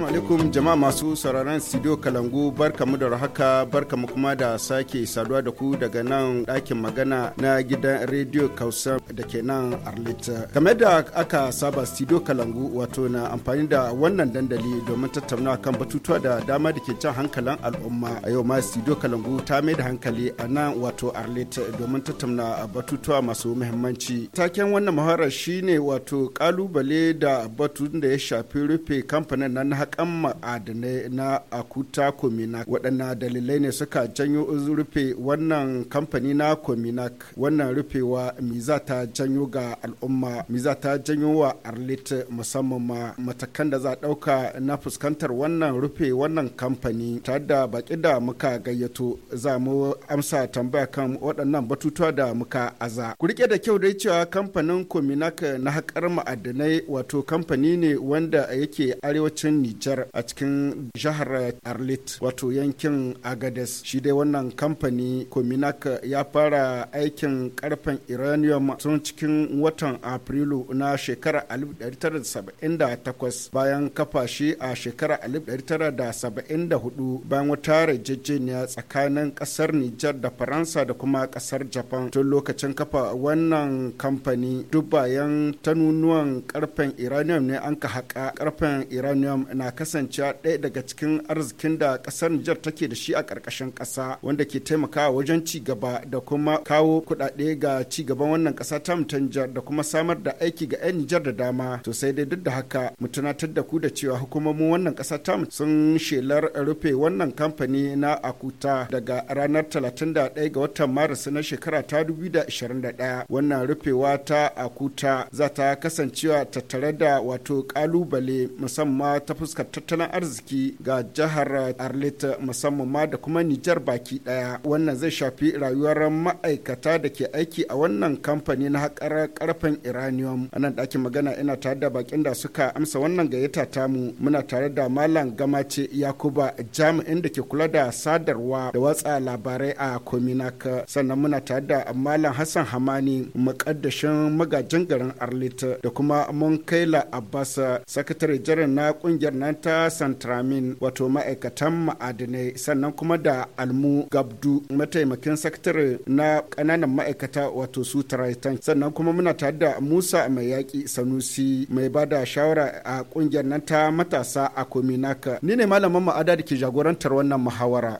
Assalamu alaikum jama'a masu sauraron studio Kalangu barkamu da rahaka mu kuma da sake saduwa da ku daga nan ɗakin magana na gidan Radio Kausa da ke nan Arlita. Kamar da aka saba studio Kalangu wato na amfani da wannan dandali domin tattauna kan batutuwa da dama da ke can hankalin al'umma. A yau ma studio Kalangu ta mai da hankali a nan wato Arlita domin tattauna batutuwa masu muhimmanci. Taken wannan muharar shine wato kalubale da batun da ya shafi rufe kamfanin nan na kan ma'adanai na akuta kominak waɗanna dalilai ne suka janyo rufe wannan kamfani na kominak wannan rufewa mi za ta janyo ga al'umma mi za ta janyo wa arlit musamman ma matakan da za ɗauka na fuskantar wannan rufe wannan kamfani tare da baki da muka gayyato za mu amsa tambaya kan waɗannan batutuwa da muka aza ku rike da kyau dai cewa kamfanin kominak na haƙar ma'adanai wato kamfani ne wanda yake arewacin Nijar a cikin jihar Arlit wato yankin Agades. Shi dai wannan kamfani Kominak ya fara aikin karfen uranium tun cikin watan Afrilu na shekara 1978 bayan kafa shi a shekara 1974 bayan wata yarjejeniya tsakanin kasar Nijar da Faransa da kuma kasar Japan tun lokacin kafa wannan kamfani duk bayan tanunuwan karfen uranium ne an ka haƙa karfen uranium na kasance kasancewa ɗaya daga cikin arzikin da ƙasar Nijar take da shi a ƙarƙashin ƙasa wanda ke taimakawa wajen ci gaba da kuma kawo kuɗaɗe ga ci gaban wannan ƙasa ta ta Nijar da kuma samar da aiki ga 'yan Nijar da dama. To sai dai duk da haka mu tunatar da ku da cewa hukumomin wannan ƙasa ta sun shelar rufe wannan kamfani na Akuta daga ranar 31 ga watan Maris na shekara ta 2021. Wannan rufewa ta Akuta za ta kasancewa tattare da wato ƙalubale musamman ta fuska. fuskar tattalin arziki ga jihar arlita musamman ma da kuma nijar baki daya wannan zai shafi rayuwar ma'aikata da ke aiki a wannan kamfani na haƙar karfen iranium a nan ɗakin magana ina tare da bakin da suka amsa wannan gayyata tamu muna tare da malam gamace yakuba jami'in da ke kula da sadarwa da watsa labarai a kominak sannan muna tare da malam hassan hamani muƙaddashin magajin garin arlita da kuma mun kaila abbas sakatare jiran na ƙungiyar na ta santramin wato ma'aikatan ma'adinai sannan kuma da almu gabdu mataimakin sakatare na kananan ma'aikata wato su taraitan sannan kuma muna tare da musa mai yaƙi sanusi mai ba da shawara a ƙungiyar nan ta matasa a kominaka ni ne malamin ma'ada da ke jagorantar wannan muhawara.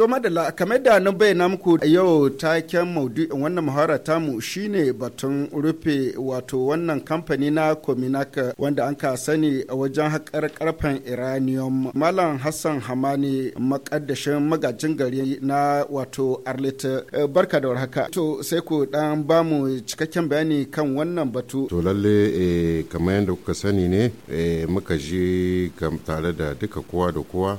To madalla kamar da na bayyana muku yau taken maudu'in wannan muhawara mu shine batun rufe wato wannan kamfani na Kominak wanda an ka sani a wajen haƙar karfen Iranium. Malam Hassan Hamani makaddashin magajin gari na wato arlet eh, barka da warhaka. To sai ku dan ba mu cikakken bayani kan wannan batu. To lalle eh, kamar yadda kuka sani ne eh, muka je tare da duka kowa da kowa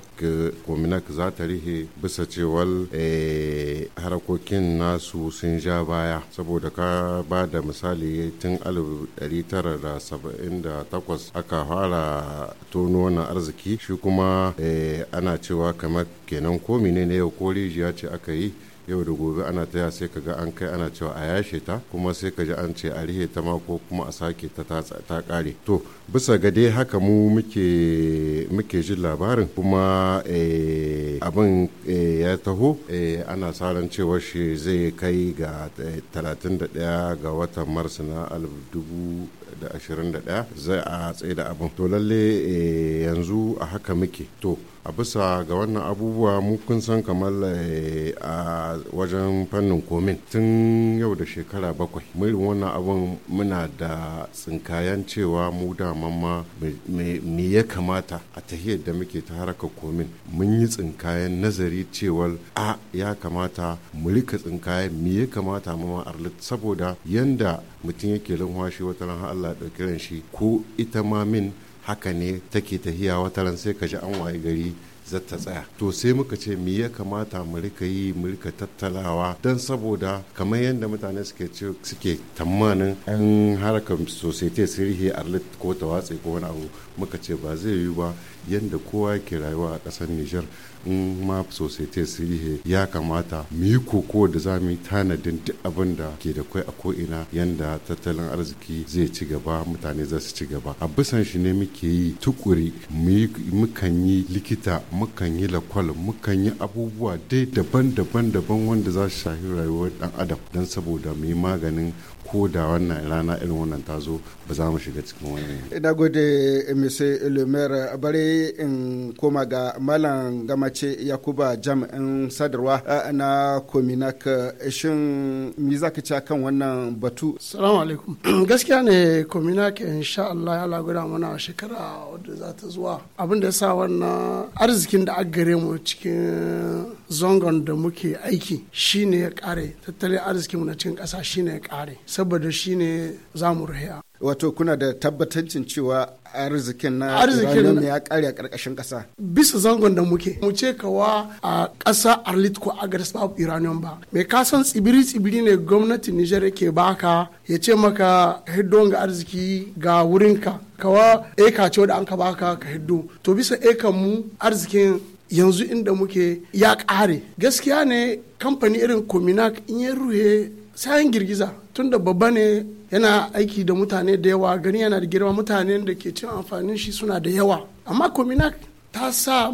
Kominak za ta rihe bisa cewar eh, harkokin nasu sun ja baya saboda ka ba da misali tun 1978 aka fara tono na arziki shi kuma eh, ana cewa kamar kenan ko ne yau ko rijiya ce aka yi yau da gobe ana taya sai ka ga an kai ana cewa a yashe ta kuma sai ka ji an ce a rihe ta ma ko kuma a sake ta ta kare to bisa ga dai haka mu muke jin labarin kuma eh, abin eh, ya taho eh, ana saran cewa shi zai kai ga 31 ga watan mars na dubu. da 2021 zai a tsaye da abin to lalle eh, yanzu a haka muke to a bisa ga wannan abubuwa mu kun san kamar eh, a wajen fannin komin tun yau da shekara bakwai irin wannan abin muna da tsinkayen cewa mu daman ma me ya kamata a tahiyar da muke ta haraka komin mun yi tsinkayen nazari cewar a ya kamata mu rika tsinkayen me ya kamata mu ma'arlit saboda yanda mutum yake lanwa shi wata ran Allah da kiran shi ko ita ma min haka ne take tahiya wata ran sai ka ji an waye gari zata tsaya to sai muka ce me ya kamata mu rika yi mu rika tattalawa dan saboda kamar yadda mutane suke ce suke tamanin an harkar society sirhi arlit ko tawatsi ko wani abu muka ce ba zai yiwu ba yadda kowa ke rayuwa a ƙasar Nijar in ma society sirihe ya kamata mu yi koko da za mu yi tanadin duk abin da ke da kwai a ko'ina yadda tattalin arziki zai ci gaba mutane za su ci gaba a bisan shi ne muke yi tukuri mukan yi likita mukan yi lakwal mukan yi abubuwa dai daban-daban daban wanda za su shafi rayuwar dan adam don saboda mu yi maganin ko da wannan rana irin wannan ta zo ba za mu shiga cikin wani Ina gode mr lumer bare in koma ga malam gamace yakuba jami'in sadarwa eh, na kominak eh, shin mi za ka ci kan wannan batu salamu alaikum gaskiya ne kominak insha Allah ya lagura mana shekara wadda za ta zuwa abin da ya sa wannan arzikin da aka gare mu cikin zongon da muke aiki shine ya kare tattalin arzikinmu na cikin ƙasa shine ya kare saboda shine za mu rahiya. wato kuna da tabbatancin cewa arzikin na arzikin ya kare a karkashin kasa bisa zangon da muke mu ce kawa a ƙasa arlit ko agres babu iranian ba mai kasan tsibiri tsibiri ne gwamnatin nijar yake baka ya ce maka hiddon ga arziki ga wurinka kawa eka ce da an ka baka ka hiddo to bisa eka mu arzikin yanzu inda muke ya ƙare gaskiya ne kamfani irin kominak in ya ruhe sayan girgiza tunda babba ne yana aiki da mutane da yawa gani yana da girma mutane da ke cin amfanin shi suna da yawa amma kominak ta sa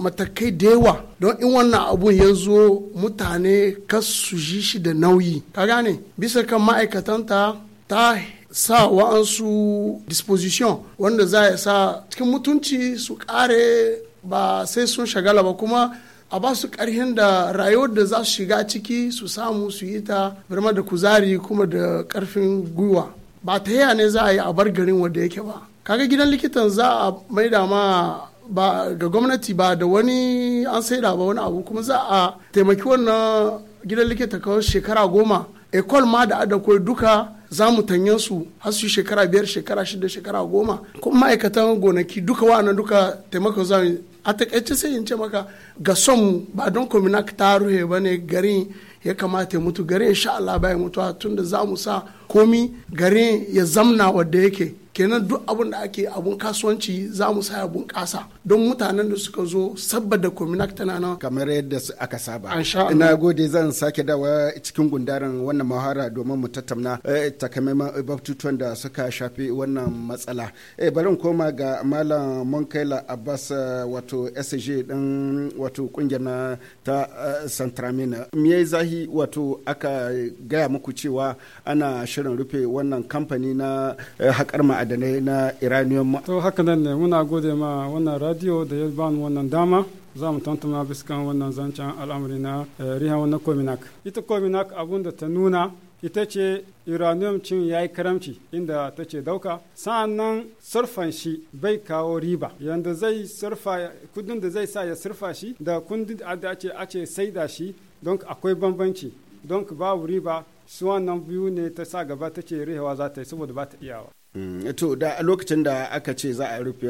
matakai da yawa don in wannan abun ya zo mutane kasu su ji shi da nauyi ka gane bisa kan ma'aikatanta ta sa wa'ansu disposition wanda za ya sa cikin mutunci su kare ba sai sun shagala ba kuma a ba su ƙarhin da rayuwar da za su shiga ciki su samu su yi ta birma da kuzari kuma da ƙarfin gwiwa ba ta yaya ne za a yi a bar garin wanda yake ba kaga gidan likitan za a maida ma ba ga gwamnati ba da wani an saida ba wani abu kuma za a taimaki wannan gidan likita kawai shekara goma ekol ma da adakwai duka za mu tanyen su har su shekara biyar shekara shida shekara goma kuma ma'aikatan gonaki duka wa'annan duka taimakon za a takaice sai in ce maka ga son ba don kominak ta ruhe ba ne garin ya kamata ya mutu garin sha Allah baya mutuwa tun da za mu sa komi garin ya zamna wadda yake kenan duk abin da ake abun kasuwanci za mu sa bunƙasa don mutanen da suka zo da kominak tana nan kamar yadda aka saba ina gode zan sake dawa cikin gundarin wannan mahara domin mu tattauna eh, takamaiman batutuwan da suka shafi wannan matsala eh, bari koma ga malam monkaila abbas eh, wato sg din wato kungiyar na ta santramina me zahi wato aka gaya muku cewa ana shirin rufe wannan kamfani na haƙar ma'adanai na iranium to haka nan ne muna gode ma wannan radio da ya bani wannan dama za mu tantama biskan wannan zancen al'amari na eh, riha wannan kominak ita kominak abun da ta nuna ita ce uranium cin ya yi karamci inda ta ce dauka sa'annan surfan shi bai kawo riba yanda zai surfa kudin da zai sa ya surfa shi da kundin da ace ace saida shi don akwai bambanci don babu riba su wannan biyu ne ta sa gaba ta ce rihewa za ta yi saboda ba ta iyawa Mm, to da lokacin da aka ce za a rufe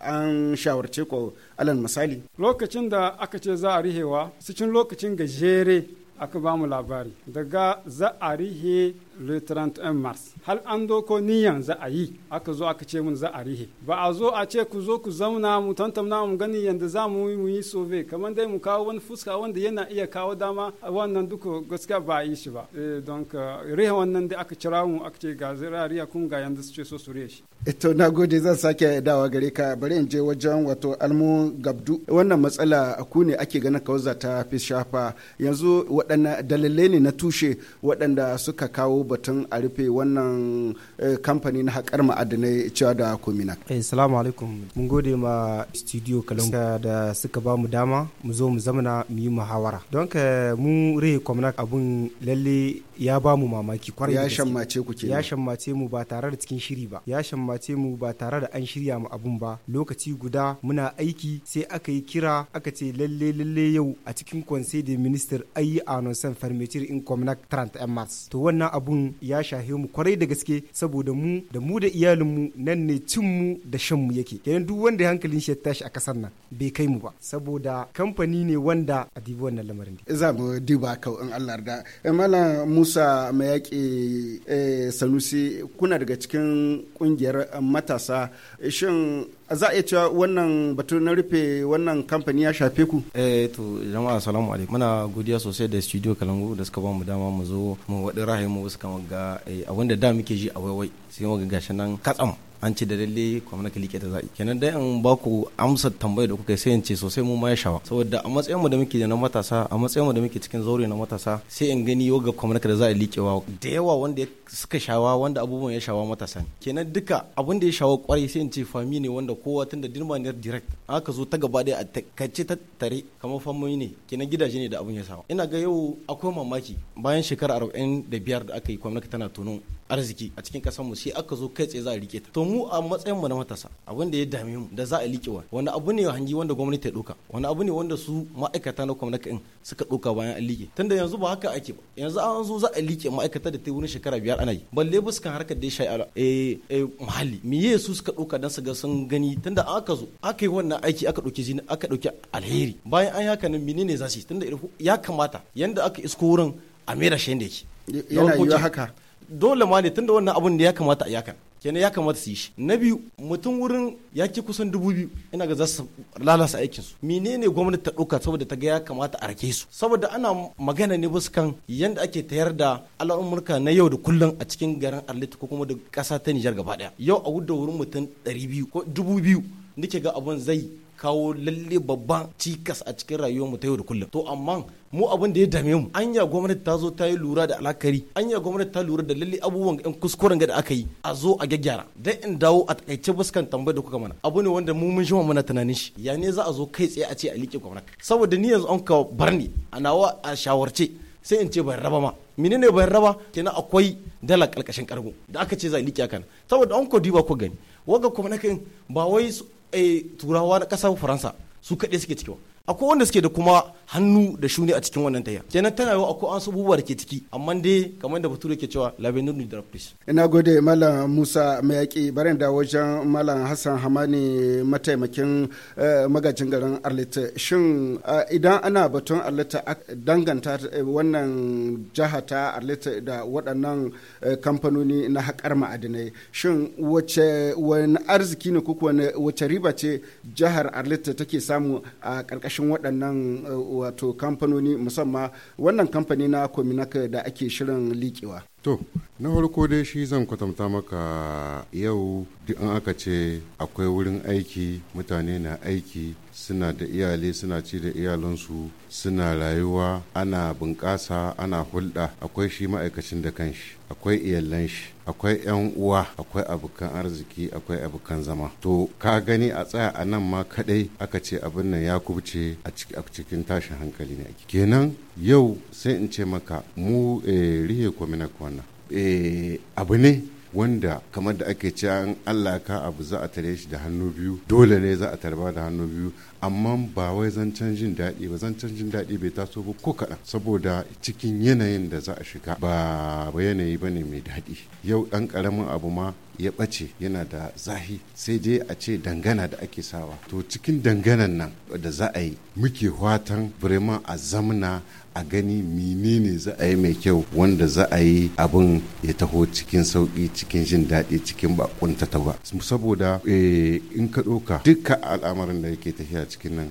an shawarce ko alal misali lokacin da aka ce za a rihewa cikin lokacin gajere aka ba mu labari daga za a rihe le 31 mars har an doko niyan za a yi aka zo aka ce mun za a rihe ba a zo a ce ku zo ku zauna mu tantamna mu gani yanda za mu yi mu yi sove kamar dai mu kawo wani fuska wanda yana iya kawo dama wannan duka gaskiya ba a yi shi ba eh, don ka eh, rihe wannan da aka kira mu aka ce ga zirariya kun ga yanda su ce so su rihe shi Ito na gode zan sake dawa gare ka bari in je wajen wato almu gabdu wannan matsala ku ne ake ganin ka ta fi shafa yanzu waɗannan dalilai ne na tushe waɗanda suka kawo batun a rufe wannan eh, kamfani na haƙar ma'adinai cewa da kominak. Assalamu eh, alaikum. Mun gode ma studio Kalonga da suka ba mu dama mu zo mu zamana mu yi muhawara. Don ka mu rehe kominak abun lalle ya ba mu mamaki kwarai ya shammace ku ke Ya shammace mu ba tare da cikin shiri ba. Ya shammace mu ba tare da an shirya mu abun ba. Lokaci guda muna aiki sai aka yi kira aka ce lalle lalle yau a cikin conseil des ministres ayi anonsan non fermeture in kominak 31 mars. To wannan abu abun ya shahe mu kwarai da gaske saboda mu da mu da iyalinmu nan ne cin mu da shan mu yake kenan duk wanda hankalin shi ya tashi a kasar nan bai kai mu ba saboda kamfani ne wanda a dibi wannan lamarin za mu diba kau in Allah da eh, mala Musa mai eh, Sanusi kuna daga cikin kungiyar matasa shin a za a iya cewa wannan batu na rufe wannan kamfani ya shafe ku eh to jama'a salamu alaikum muna godiya sosai da studio kalangu da suka ba mu dama mu zo mu waɗi rahimu wasu kamar ga eh, abinda da muke ji a waiwai sai mu gashi nan katsam an ce da lalle kuma ka liƙe ta zai kenan dai an ba ku amsa tambayar da kuka sai in ce sosai mu ma ya shawa saboda a matsayin da muke na matasa a matsayin mu da muke cikin zaure na matasa sai in gani ga kuma ka da za a wa. da yawa wanda suka shawa wanda abubuwan ya shawa matasa ne kenan duka abun da ya shawa kwarai sai in ce fami ne wanda kowa dirma ne direct aka zo ta gaba dai a takaice ta tare kamar fami ne kenan gidaje ne da abun ya shawa. ina ga yau akwai mamaki bayan shekara arba'in da biyar da aka yi gwamnati tana tono arziki a cikin kasar mu sai aka zo kai tsaye za a rike ta to mu a matsayin mu na matasa abin da ya dame mu da za a rike wa wani abu ne hangi wanda gwamnati ta doka wani abu ne wanda su ma'aikata na gwamnati din suka doka bayan an rike tunda yanzu ba haka ake ba yanzu an zo za a rike ma'aikata da ta yi wani shekara biyar ana yi balle buskan harkar da ya shayi ala eh eh muhalli miye su suka doka dan su ga sun gani tunda aka zo aka yi wannan aiki aka dauki zina aka dauki alheri bayan an yi haka nan menene za su yi tunda ya kamata yanda aka isko wurin a mera shi yake yana yiwuwa haka dole ma ne tunda wannan abun da ya kamata a yakan kenan ya kamata su yi shi na biyu mutum wurin ya ke kusan dubu biyu ina ga za su lalasa aikin su menene gwamnati ta ɗauka saboda ta ga ya kamata a rake su saboda ana magana ne bisa kan yanda ake tayar da al'amurka na yau da kullum a cikin garin arlita ko kuma da ƙasa ta nijar gaba ɗaya yau a wurin mutum ɗari biyu ko dubu biyu nake ga abun zai kawo lalle babban cikas a cikin rayuwar mu ta yau da kullum to amma mu abin da ya dame mu anya gwamnati ta zo ta yi lura da alakari anya gwamnati ta lura da lalle abubuwan ɗan kuskuren ga da aka yi a zo a gyaggyara dan in dawo a takaice buskan tambayar da kuka mana abu ne wanda mu mun shima muna tunanin shi ya ne za a zo kai tsaye a ce a liƙe gwamnati saboda ni yanzu an ka bar ni a nawa a shawarce sai in ce ban raba ma ne ban raba kenan akwai dala kalkashin kargo da aka ce za a liƙe akan saboda an ko diba ko gani waga kuma na ba wai Eh, turawa na ƙasar faransa su kaɗai suke cikin akwai wanda suke da kuma hannu da shuni a cikin wannan taya kenan tana yau akwai an sabubuwa da ke ciki amma dai kamar da bature ke cewa ne da raptis ina gode malam musa mayaki barin da wajen malam hassan hamani mataimakin eh, magajin garin arlita shin eh, idan ana batun arlita danganta eh, wannan jiha ta arlita da waɗannan kamfanoni na haƙar ma'adinai shin wace wani arziki ne ko wace riba ce jihar arlita take samu a ƙarƙashin waɗannan wato kamfanoni musamman wannan kamfani na kominaka da ake shirin liƙewa to na farko dai shi zan kwatanta maka yau duk an aka ce akwai wurin aiki mutane na aiki suna da iyali, suna ci da iyalansu suna rayuwa ana bunƙasa ana hulɗa akwai shi ma'aikacin da kanshi akwai iyalan shi akwai 'yan uwa akwai abokan arziki akwai abokan zama to ka gani a tsaya a nan ma kadai aka ce abin nan ya kubce a cikin tashin hankali ne kenan yau sai in ce maka mu eh, rihe kwamina wannan eh, abu ne wanda kamar da ake ce in Allah ka abu za a tare shi da hannu biyu dole ne za a tarba da hannu biyu amma ba wai zancen jin daɗi ba zancen jin daɗi bai taso ba ko kaɗan saboda cikin yanayin da za a shiga ba yanayi ba ne mai daɗi yau ɗan ƙaramin abu ma ya ɓace yana da zahi sai dai a ce dangana da ake sawa to cikin danganan nan da za a yi muke watan birman a zamna a gani menene za a yi mai kyau wanda za a yi abin ya taho cikin sauƙi cikin jin daɗi cikin bakunta ta ba saboda eh, in ka ɗauka dukkan al'amarin da yake tafiya cikin nan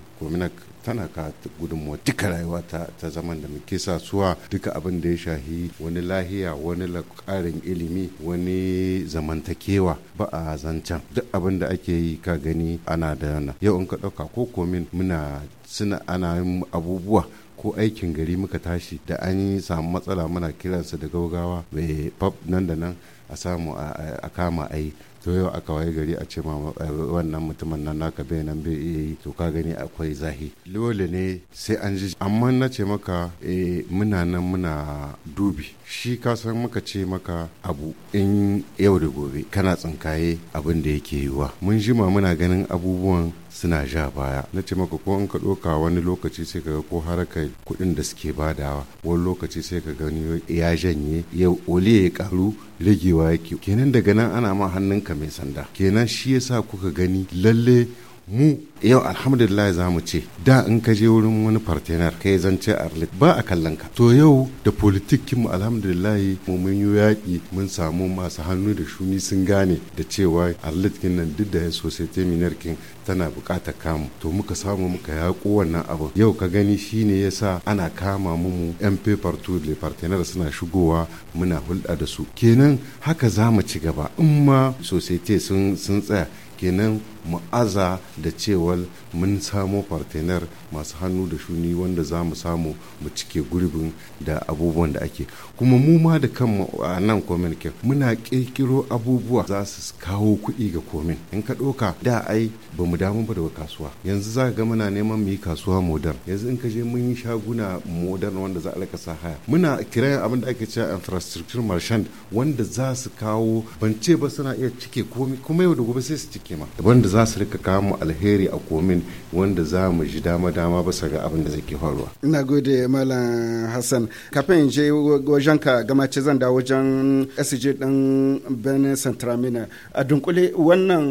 tana ka gudunmuwa duka rayuwa ta zaman da muke sa suwa duka abin da ya shahi wani lahiya wani karin ilimi wani zamantakewa ba a zancen duk abin da ake yi ka gani ana da yana yau in ka ɗauka ko komin muna suna ana yin abubuwa ko aikin gari muka tashi da an yi samu matsala muna kiransa da gaugawa eh, nan da nan a samu a kama a yi to yau aka waye gari a ce ma eh, wannan mutumin nan naka bai nan bai iya yi to ka gani akwai zahi dole ne sai an ji amma na ce maka eh, muna nan muna dubi shi ka san muka ce maka abu in yau da gobe kana tsinkaye abin da yake yiwa mun jima muna ganin abubuwan suna ja baya na ce maka ko in ka ɗauka wani lokaci sai ka ga ko harkar kuɗin da suke badawa wani lokaci sai ka gani ya janye ya ole ya karu ragewa yake kenan daga nan ana ma hannunka mai sanda kenan shi yasa kuka gani lalle mu yau alhamdulillah za mu ce da in ka je wurin wani partenar kai zance arlit ba a kallon ka to yau da politikin mu alhamdulillah mu mun yi yaƙi mun samu masu hannu da shuni sun gane da cewa arlit kin nan duk da ya society minar kin tana buƙatar kamu to muka samu muka yaƙo wannan abu yau ka gani shine yasa ana kama mu yan paper to le partenar suna shigowa muna hulɗa da su kenan haka za mu ci gaba in ma society sun tsaya kenan mu da cewar mun samo partener masu hannu da shuni wanda za mu samu mu cike gurbin da abubuwan da ake kuma mu ma da kanmu a nan ke muna kirkiro abubuwa za su kawo kuɗi ga komin in ka doka da ai ba mu damu ba da kasuwa yanzu za ga muna neman mu yi kasuwa modern yanzu in ka je mun yi shaguna modern wanda za a rika sa haya muna kiran abin da ake cewa infrastructure merchant wanda za su kawo ban ce ba suna iya cike komai kuma yau da gobe sai su cike ma za su rika kawo mu alheri a komin wanda za mu ji dama dama basa ga abin da zai faruwa ina gode malam hassan kafin in je wajen ka ce zan dawo wajen sj din benin centramina a dunkule wannan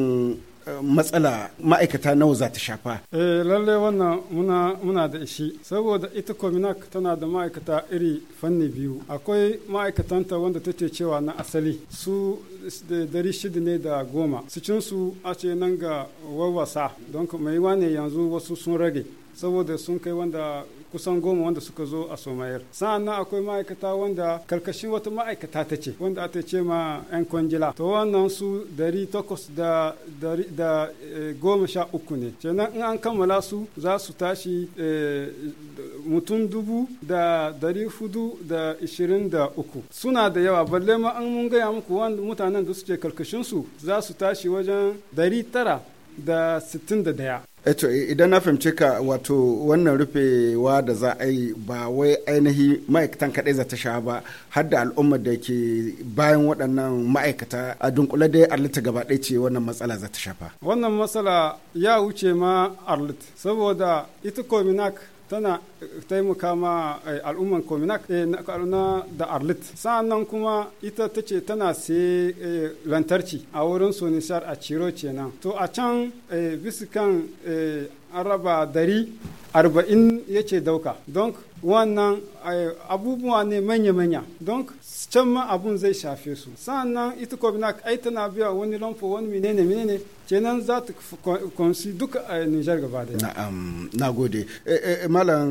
matsala ma'aikata nawa za ta shafa? Eh lalle wannan muna, da ishi saboda ita kominak tana da ma'aikata iri fanni biyu akwai ma'aikatanta wanda take cewa na asali su da dari shida ne da goma su cinsu a ce nan ga wawasa don kuma ne yanzu wasu sun rage saboda sun kai wanda kusan goma wanda suka zo a somayar sa'an nan akwai ma'aikata wanda karkashi wata ma'aikata ta ce wanda ta ce ma 'yan kwangila to wannan su dari takwas da dari da eh, goma sha uku ne nan in an kammala su za su tashi eh, mutum dubu da dari hudu da ishirin da uku suna da yawa balle ma an mun gaya muku wanda mutanen da suke karkashin su za su tashi wajen dari tara da sittin da daya Eto eh, idan na fahimci ka wato wannan rufewa da za a yi ba wai ainihi ma'aikatan kaɗai za ta sha ba har da al'ummar da ke bayan waɗannan ma'aikata a dunkule dai arlit gaba ɗaya ce wannan matsala za ta shafa. Wannan matsala ya wuce ma arlit saboda ita kominak tana taimaka ma eh, al'umman kominak eh, na da arlit sa'annan kuma ita ta ce tana sai eh, lantarki a wurin sonishar a ciro nan to a can bisikan araba dari arba'in ya ce dauka don wannan abubuwa ne manya-manya don can ma abun zai shafe su nan ita kominak ai tana biya wani lamfo wani menene menene kenan za ta kunsi duka a Nijar gaba da na'am na gode eh, eh, eh, malam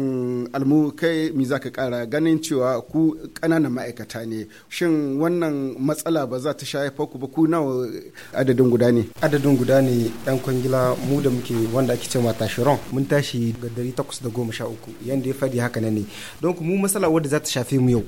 almu kai mi za ka kara ganin cewa ku ƙananan ma'aikata ne shin wannan matsala ba za ta shafa ku ba ku nawa adadin guda ne adadin guda ne yan kwangila mu da muke wanda ake cewa tashiron mun tashi ga dari takwas da goma sha uku yanda ya fadi haka ne don mu matsala wadda za ta shafe mu yau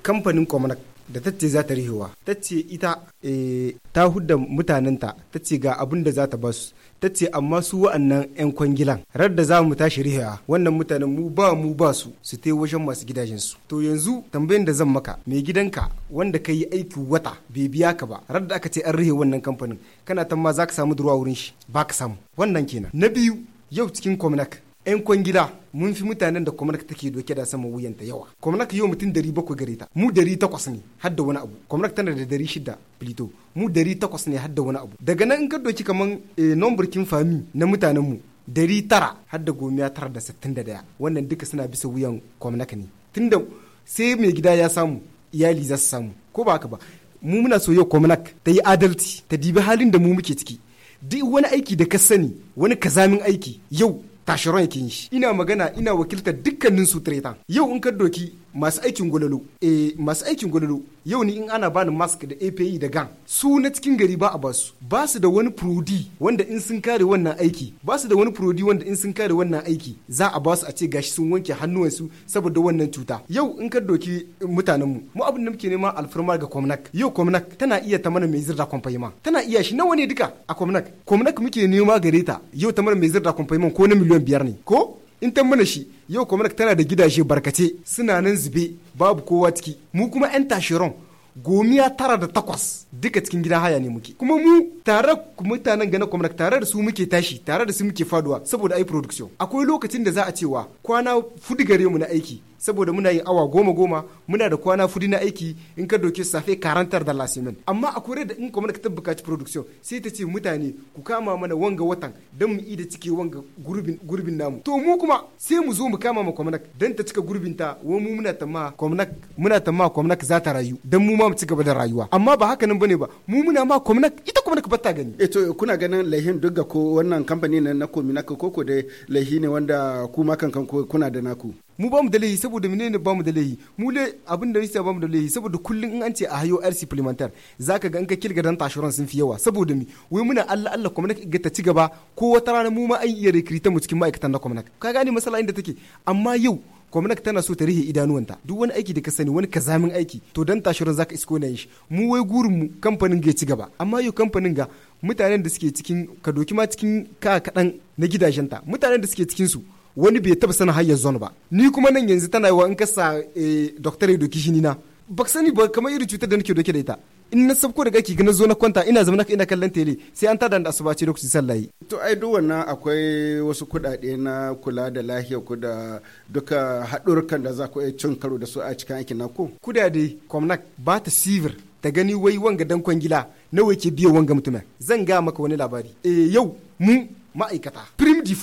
kamfanin Komanak da tace za ta rihewa ta ce ita eh, ta hudda mutanenta ta ce ga abin da za ta basu ta ce amma su wa'annan 'yan kwangilan rar da za mu tashi rihewa wannan mutanen mu ba mu ba su su te wajen masu gidajensu to yanzu tambayin da zan maka mai gidanka wanda ka yi aiki wata bai biya ka ba rar da aka ce an rihe wannan kamfanin kana tamma za ka samu durwa wurin shi ba ka samu wannan kenan na biyu yau cikin comnac 'yan kwangila mun fi mutanen da kwamnati take doke da sama wuyanta yawa kwamnati yau mutum dari bakwai gare ta mu dari takwas ne har da wani abu kwamnati tana da dari shida plito mu dari takwas ne har da wani abu daga nan in ka doki kaman e, kin fami na mutanen mu dari tara har da gomiya tara da sittin da daya wannan duka suna bisa wuyan kwamnati ne tunda sai mai gida ya samu iyali za su samu ko ba haka ba mu muna so yau kwamnak ta yi adalci ta dibi halin da mu muke ciki duk wani aiki da ka sani wani kazamin aiki yau tashiron yake yi ina magana ina wakiltar dukkanin su yau in ka doki masu aikin gwalalo eh masu aikin gwalalo yau ni in ana bani mask da APE da gan su na cikin gari ba a basu ba su da wani prodi wanda in sun kare wannan aiki ba su da wani prodi wanda in sun kare wannan aiki za a basu a ce gashi sun wanke hannuwansu saboda wannan cuta yau in ka doki mutanenmu mu abin da muke nema alfarma ga Komnak yau Komnak tana iya ta mana mai zirda kwamfayima tana iya shi nawa ne duka a Komnak Komnak muke nema gare ta yau ta mana mai zirda kwamfayima ko na miliyan biyar ne ko in ta mana shi yau kuma tana da gidaje barkace suna nan zube babu kowa ciki mu kuma 'yan tashiron gomiya tara da takwas duka cikin gida haya ne muke kuma mu tare mutanen gana kuma tare da su muke tashi tare da su muke faduwa saboda ai production akwai lokacin da za a cewa kwana fudu gare mu na aiki saboda muna yin awa goma goma muna da kwana fudi na aiki in ka doke safe karantar da lasimin amma a kore da in kuma ka ci production sai ta ce mutane ku kama mana wanga watan dan mu ida cike wanga gurbin gurbin namu to mu kuma sai mu zo mu kama ma kwamnak dan ta cika gurbin ta wa mu muna tamma kwamnak muna tamma kwamnak za ta rayu dan mu ma mu cika da rayuwa amma ba haka nan bane ba mu muna ma kwamnak ita kwamnak ba ta gani eh to kuna ganin laihin duk ko wannan kamfani na na kominaka koko dai laihi ne wanda ku ma kankan kuna da naku mu ba mu da laihi saboda menene ba mu da laihi mu le abin da yasa ba mu da laihi saboda kullun in an ce a hayo yar supplementar zaka ga in ka kirga dan tashuran sun fi yawa saboda mi wai muna Allah Allah kuma ga ta ci gaba ko wata rana mu ma an iya rekrita mu cikin ma'aikatan na kwamnak ka gane masala inda take amma yau gwamnati tana so ta rihe idanuwanta duk wani aiki da ka sani wani kazamin aiki to dan za zaka isko na shi mu wai gurin mu kamfanin ga ci gaba amma yau kamfanin ga mutanen da suke cikin ka doki ma cikin ka kadan na ta mutanen da suke cikin su wani bai taba sana hayyar zone ba ni kuma nan yanzu tana yi wa in ka sa eh, doctor doki na ba sani ba kamar irin cutar da nake doke da ita in na sabko da ki na zo na kwanta ina zama ina kallon tele sai an tada da asuba ce lokaci sallahi to ai duk wannan akwai wasu kudade na kula da lahiyar ku da duka haɗurkan da za ku iya cin karo da su a cikin aikin ko. kudade kwamnak ba ta sivir ta gani wai wanga dan kwangila nawa ke biya wanga mutumin zan ga maka wani labari eh yau mu ma'aikata prim de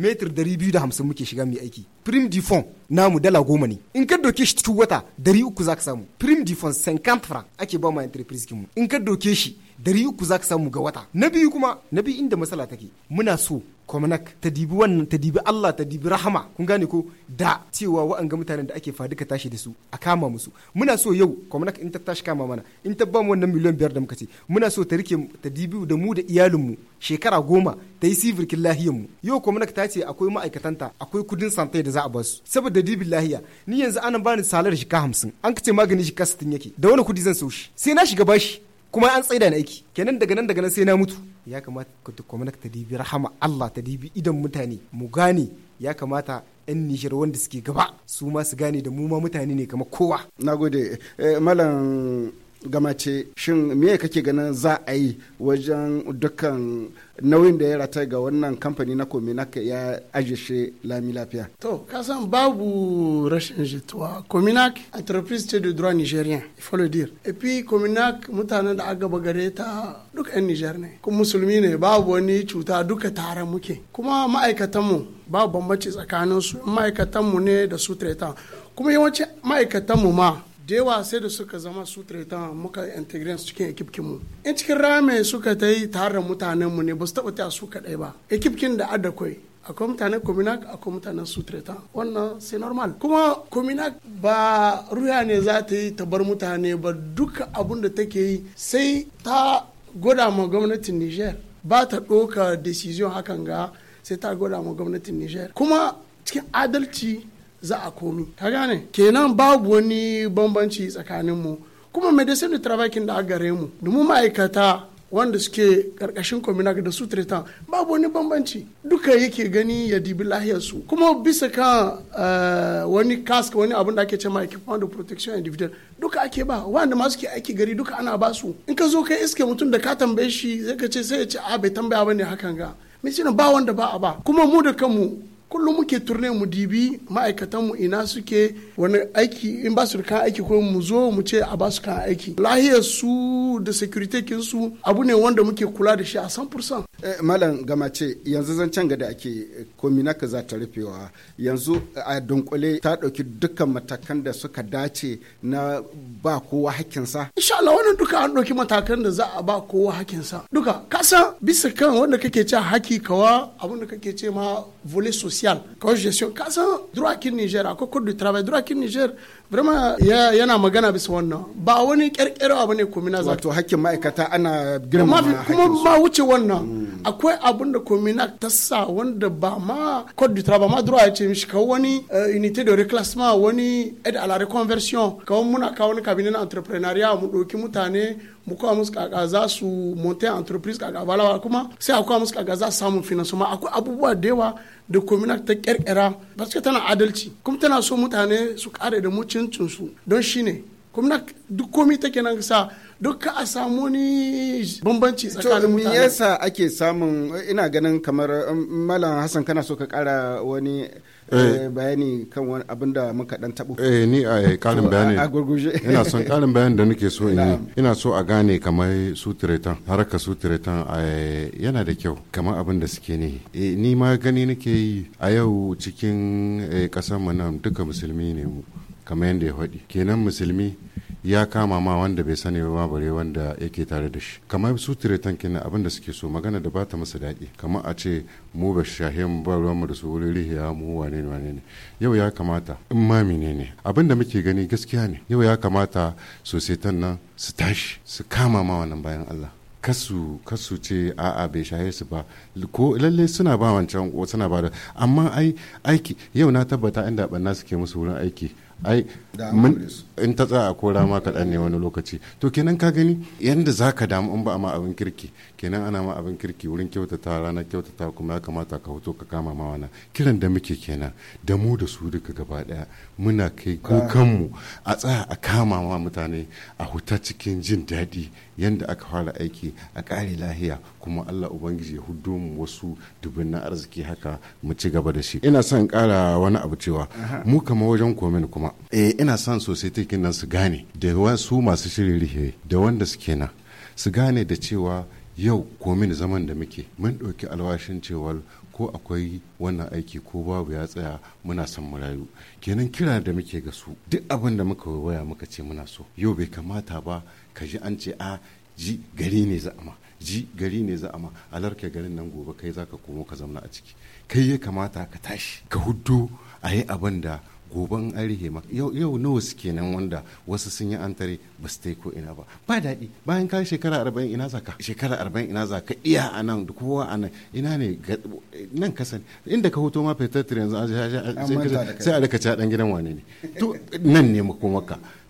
metir 250 muke shiga mai aiki prime prim difon namu dala goma ne in ka doke shi cikin wata dari uku za ka samu prim difon 50 franc ake ba ma entreprise kinmu in ka doke shi dari uku za ka samu ga wata na biyu kuma na biyu inda matsala take muna so komanak ta dibi wannan ta dibi Allah ta dibi rahama kun gane ko da cewa wa'anga mutanen da ake faduka tashi da su a kama musu muna so yau komanak in ta tashi kama mana in ta ba mu wannan miliyan biyar da muka ce muna so ta rike ta dibi da mu da iyalin mu shekara goma ta yi sifirkin mu. yau komanak ta ce akwai ma'aikatanta akwai kudin santai da da za a basu saboda dibin lahiya ni yanzu ana bani salar shika hamsin an kace magani shika sittin yake da wani kudi zan so shi sai na shiga bashi kuma an tsaida na aiki kenan daga nan daga nan sai na mutu ya kamata ku ta gwamnati ta dibi rahama Allah ta dibi idan mutane mu gane ya kamata 'yan Nijar wanda suke gaba su ma su gane da mu ma mutane ne kamar kowa. nagode eh, Malam gamace shin me kake ganin za a yi wajen dukkan nauyin da ya rata ga wannan kamfani na kominak ya ajiye lami lafiya to kasan babu rashin jituwa kominak entreprise ce de droit nigerien il faut le dire et puis kominak mutanen da aka bagare ta duka yan niger ne kuma musulmi ne babu wani cuta duka tare muke kuma ma'aikatanmu babu bambanci tsakanin su mu ne da su tretan kuma ma'aikatan mu ma da yawa sai da suka zama su ta muka integrate su cikin ekipkin mu in cikin rame suka ta yi tare da mutanen mu ne ba su taba ta su kadai ba ekipkin da ada koi akwai mutanen kominak akwai mutanen su ta. wannan sai normal kuma kominak ba ruya ne za ta yi ta bar mutane ba duka abun da take yi sai ta gwada ma gwamnatin niger ba ta doka decision hakan ga sai ta gwada ma gwamnatin niger kuma cikin adalci za a komi ka gane kenan babu wani bambanci tsakanin mu kuma medicine da travakin da gare mu domin ma'aikata wanda suke karkashin kominak da su tretan babu wani bambanci duka yake gani ya dibi lahiyarsu kuma bisa kan eh, wani kask wani abin da ake ce ma equipment da protection individual duka ake ba wanda masu ke aiki gari duka ana ba su in ka zo kai iske mutum da ka tambaye shi zai ka ce sai ya ce a ah, bai tambaya bane hakan ga mai ba wanda ba a ba kuma mu da kanmu kullum muke turne mu dibi ma'aikatan mu ina suke wani aiki in ba su da kan aiki ko mu zo mu ce a ba su kan aiki lahiyar su da security su abu ne wanda muke kula da shi a 100% Eh, malam gama ce yanzu zancen ga da ake eh, kominaka za ta rufewa yanzu eh, a dunkule ta ɗauki dukkan matakan da suka dace na ba kowa hakinsa insha Allah wannan duka an ɗauki matakan da za a ba kowa hakinsa duka kasa bisa kan wanda kake ce haki kawa abin da kake ce ma volet social kawai gestion kasa droit kin Niger akwai code du travail droit kin Niger Birma yana magana bisa wannan ba wani kyarkyaro abu ne komina za Wato hakkin ma'aikata ana girma Kuma ma wuce wannan hmm. akwai abin da komina ta sa wanda ba ma code du travail ma droit ya ce mishi ka wani eh, unité de reclassement wani aide à la reconversion kawo muna ka wani cabinet d'entrepreneuriat mu doki mutane mu kawo musu kaka za su monter entreprise kaka balawa kuma sai akwai musu kaka za su samun financement akwai abubuwa da yawa da kominak ta kyarkyara ba tana adalci kuma tana so mutane su kare da mutuncinsu don shine kuma duk komi take nan sa duka a samu ni bambanci tsakanin mutane. yasa ake samun ina ganin kamar um, malam hassan kana so ka kara wani eh, eh. bayani kan wani abin da muka dan tabo. eh ni a karin eh, bayani a gurguje ina son karin bayani da nake so in yi ina so a gane kamar sutiretan haraka sutiretan tiretan yana da kyau kamar abin da suke ne ni ma gani nake yi a yau cikin kasar mu nan duka musulmi ne mu kamar yadda ya faɗi kenan musulmi ya kama ma wanda bai sani ba bare wanda yake tare da shi kamar su tiretan kenan abin da suke so magana da bata masa daɗi kamar a ce mu ba mu ba mu da su wurin rihiya ah, mu wane ne wane ne yau ya kamata in ma menene abin da muke gani gaskiya ne yau ya kamata sosaitan nan su tashi su kama ma wannan bayan Allah kasu kasu ce a'a bai shaye su ba ko lalle suna ba wancan suna ba da amma aiki yau na tabbata inda banna suke musu wurin aiki Ai, da, in ta tsaya a kora ma kaɗan ne wani lokaci to kenan ka gani yadda za ka damu in ba a ma abin kirki kenan ana ma abin kirki wurin kyautata rana kyautata kuma ya kamata ka hoto ka kama ma wannan kiran da muke kenan da mu da su duka gaba ɗaya muna kai kukanmu a tsaya a kama ma mutane a huta cikin jin daɗi yadda aka fara aiki a ƙare lahiya kuma Allah Ubangiji ya hudo mu wasu dubin arziki haka mu ci gaba da shi ina son ƙara wani abu cewa mu kama wajen komen kuma eh ina son sosai cikin nan su gane da wasu masu shirin rihe da wanda suke nan su gane da cewa yau komin zaman da muke mun ɗauki alwashin cewa ko akwai wannan aiki ko babu ya tsaya muna son mu kenan kira da muke ga su duk abin da muka waya muka ce muna so yau bai kamata ba ka ji an ce a ji gari ne za'ama ji gari ne za'ama alarka garin nan gobe kai zaka komo ka zauna a ciki kai ya kamata ka tashi ka huddo a yi abin da goban an rihe ma yau n'o nawa suke nan wanda wasu sun yi an tare ba su tai ko ina ba ba daɗi bayan ka shekara arba'in ina zaka shekara arba'in ina zaka iya a nan da kowa a nan ina ne nan kasan. inda ka hoto ma fetar yanzu sai a daga a ɗan gidan wane ne to nan ne ma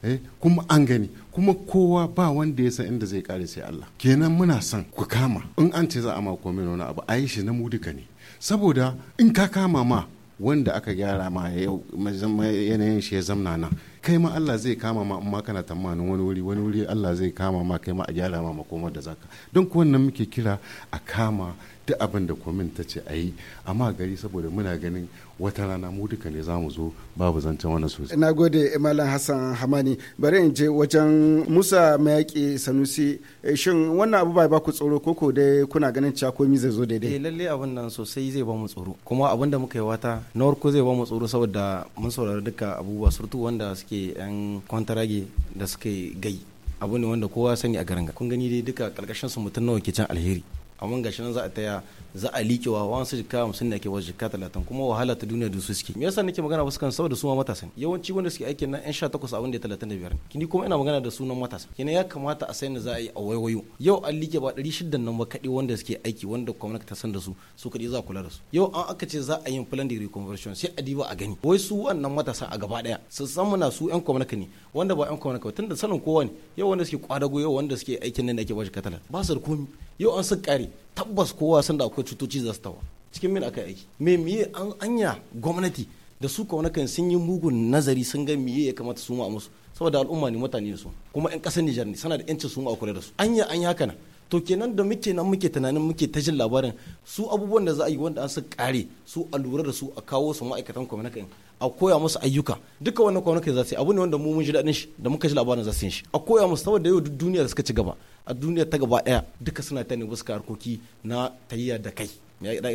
eh, kuma an gani kuma kowa ba wanda ya san inda zai kare sai Allah kenan muna son ku kama in an ce za a ma komai wani abu a yi shi na mu duka ne saboda in ka kama ma wanda aka gyara ma yau yanayin shi ya zamna nan kai ma Allah zai kama ma amma kana tamanin wani wuri wani wuri Allah zai kama ma kai ma a gyara ma makomar da zaka don ku wannan muke kira a kama duk abin da komin ta ce a yi amma gari saboda muna ganin wata rana mu duka ne za mu zo babu zancen wani sosai. na gode imalan hassan hamani bari in je wajen musa mayaƙi sanusi eh, shin wannan abu ba ku tsoro ko dai kuna ganin cewa komi zai zo daidai. Eh, lalle abin nan sosai zai ba mu tsoro kuma abin da muka yi wata na farko zai ba mu tsoro saboda mun saurari duka abubuwa surtu wanda suke yan kwantarage da suke gai abu ne wanda kowa sani a garin kun gani dai duka karkashin su mutum nawa ke can alheri amma gashi nan za a taya za a likewa wasu jikka hamsin ne ake wasu jikka talatin kuma wahala ta duniya da su suke me yasa nake magana wasu kan saboda su ma matasa ne yawanci wanda suke aikin nan yan sha takwas abin da ya talatin da biyar kini kuma ina magana da sunan matasa kenan ya kamata a sayan da za a yi a waiwayo yau an like ba ɗari shidda nan ba kaɗai wanda suke aiki wanda gwamnati ta san da su su kaɗai za a kula da su yau an aka ce za a yi plan de conversion sai a diba a gani wai su wannan matasa a gaba ɗaya su san muna su yan gwamnati ne wanda ba yan gwamnati ba tunda sanin kowa ne yau wanda suke kwadago yau wanda suke aikin nan da ake ba shi ba su da komi yau an san kare tabbas kowa san da akwai cutoci za su tawa cikin min aka aiki me miye an anya gwamnati da su kan sun yi mugun nazari sun ga miye ya kamata su ma musu saboda al'umma ne mutane su kuma yan kasar Nijar ne sana da yanci su ma a kula da su anya an yi haka na to kenan da muke nan muke tunanin muke ta jin labarin su abubuwan da za a yi wanda an su kare su a lura da su a kawo su ma'aikatan kan a koya musu ayyuka duka wannan kan za su yi abu ne wanda mu mun ji daɗin shi da muka ji labarin za su yi shi a koya musu saboda yau duk duniya da suka ci gaba a duniya ta gaba daya duka suna ta ne wasu harkoki na tayya da kai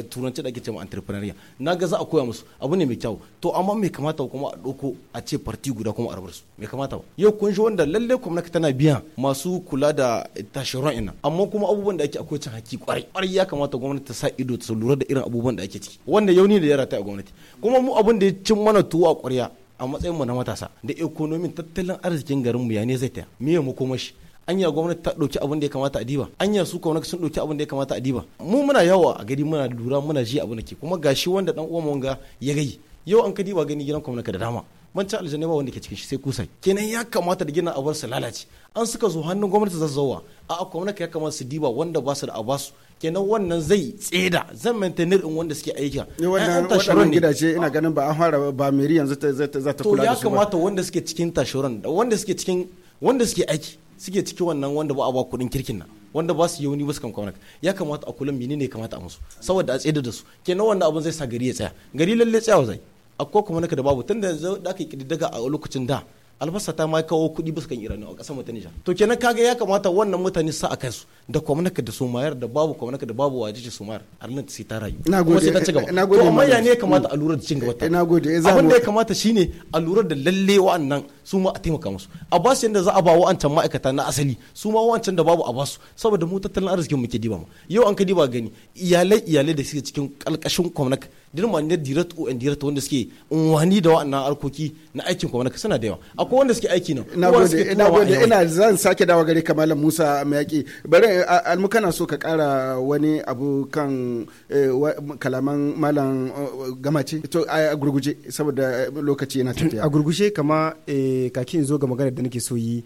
turanci da ake cewa entrepreneuria na ga za a koya musu abu ne mai kyau to amma mai kamata kuma a ɗauko a ce parti guda kuma a rabarsu su mai kamata ba yau kun shi wanda lalle gwamnati tana biya masu kula da tashiron ina amma kuma abubuwan da ake akwai cin haki kwarai kwarai ya kamata gwamnati ta sa ido ta lura da irin abubuwan da ake ciki wanda yauni da yara ta a gwamnati kuma mu abun da ya cin mana tuwo a kwarya a matsayinmu na matasa da ekonomin tattalin arzikin garinmu ya ne zai taya me mu koma shi anya gwamnati ta ɗauki abin da ya kamata a diba anya su gwamnati sun ɗauki abin da ya kamata a diba mu muna yawa a gari muna lura muna ji abin da ke kuma gashi wanda dan uwan wanga ya gai yau an ka diba gani gidan gwamnati da dama ta aljanna ba wanda ke cikin shi sai kusai kenan ya kamata da gina a bar su lalace an suka zo hannun gwamnati za su zauwa a gwamnati ya kamata su diba wanda ba su da abasu kenan wannan zai tseda zan maintainer in wanda suke aiki ne wannan tasharon gidaje ina ganin ba an fara ba meri yanzu za ta kula da su to ya kamata wanda suke cikin tasharon da wanda suke cikin wanda suke aiki suke ciki wannan wanda ba a ba kuɗin kirkin nan wanda ba su yauni ba su kan ya kamata a kula mini ne kamata a musu saboda a tsaye da su kenan wannan abun zai sa gari ya tsaya gari lalle tsayawa zai akwai kuma naka da babu tun da yanzu da aka yi kididdiga a lokacin da albasa ta ma kawo kuɗi su kan irani a ƙasar mata nijar to kenan kaga ya kamata wannan mutane sa a kansu da kwamnaka da sumayar da babu kwamnaka da babu wajeje sumayar arnat sai ta rayu kuma sai ta ci gaba to amma ya ne ya kamata a lura da cin gaba ta eh, abin da ya kamata shine a lura da lalle wa'annan su ma a taimaka musu a basu yanda yadda za a ba wa'ancan ma'aikata na asali su ma wa'ancan da babu a basu saboda mu tattalin arzikin muke diba ma yau an ka diba gani iyalai iyalai da suke cikin ƙalƙashin kwamnaka dirma ne direct o oh, and direct wanda suke unwani da wa'annan harkoki na aikin kuma ka suna da yawa akwai wanda suke aiki nan Na gode ina gode ina zan sake dawo gare ka malam Musa Mayaki bari almukana so ka kara wani abu kan eh, kalaman malam eh, gamace to a gurguje saboda eh, lokaci yana tafiya a gurguje kama kakin zo ga magana da nake so yi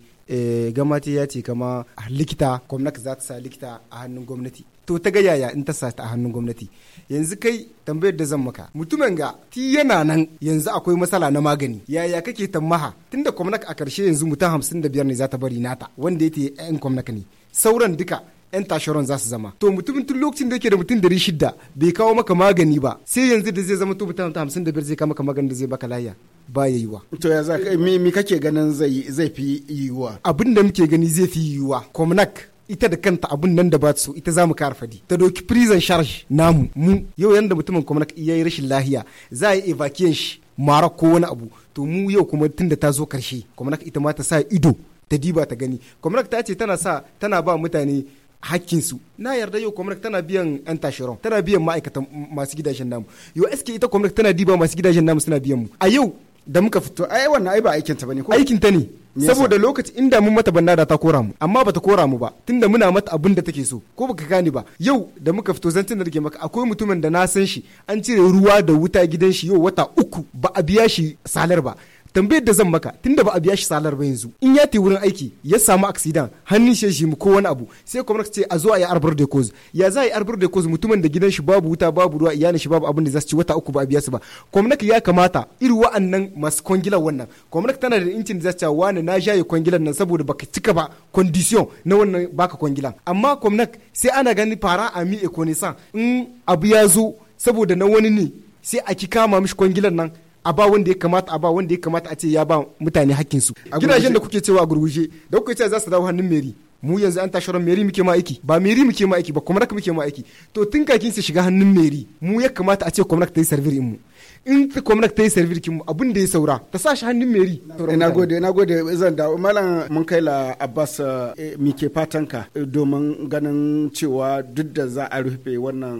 gwamnati ya ce kama likita gwamnati za ta sa likita a hannun gwamnati to ta ga yaya in ta sa ta a hannun gwamnati yanzu kai tambayar da zan maka mutumin ga ti yana nan yanzu akwai matsala na magani yaya kake tammaha tunda kwamnak a karshe yanzu mutum hamsin da biyar ne za ta bari nata wanda ya ta yan kwamnak ne sauran duka yan tashoron za su zama to mutumin tun lokacin da yake da mutum dari shida bai kawo maka magani ba sai yanzu da zai zama to mutum hamsin da biyar zai kawo maka magani da zai baka layya ba ya yiwa. To ya za mi, mi kake ganin zai fi yiwuwa? Abin da muke gani zai fi yiwuwa. Komnak ita da kanta abun nan da ba so ita za mu kara fadi ta doki prison charge namu mu yau yanda mutumin kuma ya yi rashin lahiya za a yi evacuation shi mara ko wani abu to mu yau kuma tun da ta zo karshe kuma ita ma ta sa ido ta diba ta gani kuma ta ce tana sa tana ba mutane hakkinsu na yarda yau kwamnak tana biyan yan tashiron tana biyan ma'aikatan masu gidajen namu yau eske ita kwamnak tana diba masu gidajen namu suna biyan mu a yau da muka fito ai wannan ai ba aikin ta bane ko aikin ta ne saboda lokaci inda mun mata banna da ta kora mu amma bata kora mu ba tunda muna mata abin da take so ko baka gane ba yau da muka fito zan tana rage maka akwai mutumin da na san shi an cire ruwa da wuta gidan shi yau wata uku ba a biya shi salar ba tambayar da zan maka tunda ba a biya shi salar ba yanzu in ya te wurin aiki ya samu aksidan hannun shi shi ko wani abu sai kuma ce a zo a yi arbar da koz ya za a yi arbar da koz mutumin da gidan shi babu wuta babu ruwa iyalin shi babu abin da za su ci wata uku ba a biya su ba kwamnak ya kamata iri wa'annan masu kwangilan wannan kwamnak tana da incin da za ta wani na jaye kwangilan nan saboda baka cika ba condition na wannan baka kwangilan amma kwamnak sai ana gani fara a mi ekonisan in abu ya zo saboda na wani ne sai a ki kama mishi kwangilan nan a ba wanda ya kamata a ba wanda ya kamata a ce ya ba mutane hakkin su gidajen da kuke cewa a gurguje da kuke cewa za su dawo hannun meri mu yanzu an tashi meri muke ma aiki ba meri muke ma aiki ba kuma muke ma aiki to tun kakin su shiga hannun meri mu ya kamata a ce kuma ta yi sarvir mu in gwamnati ta yi servirkin mu abin da ya saura ta sa shi hannun meri eh, Ina gode ina gode zan da malam mun kai la abbas eh, mi ke ka. Eh, domin ganin cewa duk da za a rufe wannan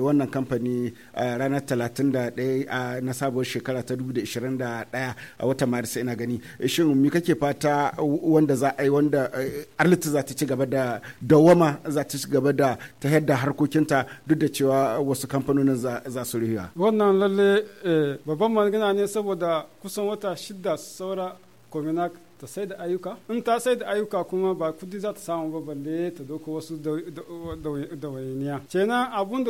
wannan kamfani a ranar daya a na sabuwar shekara ta dubu da 2021 a watan maris ina gani shin mi kake fata wanda za a yi wanda arlita za ta ci gaba da dawama za ta ci gaba da ta yadda harkokinta duk da cewa wasu kamfanonin za su rufe wannan lalle eh, babban magana ne saboda kusan wata shida saura kominak ta sai da ayyuka in ta sai da ayyuka kuma ba kudi za ta samu ba balle ta doko wasu dawainiya kenan abun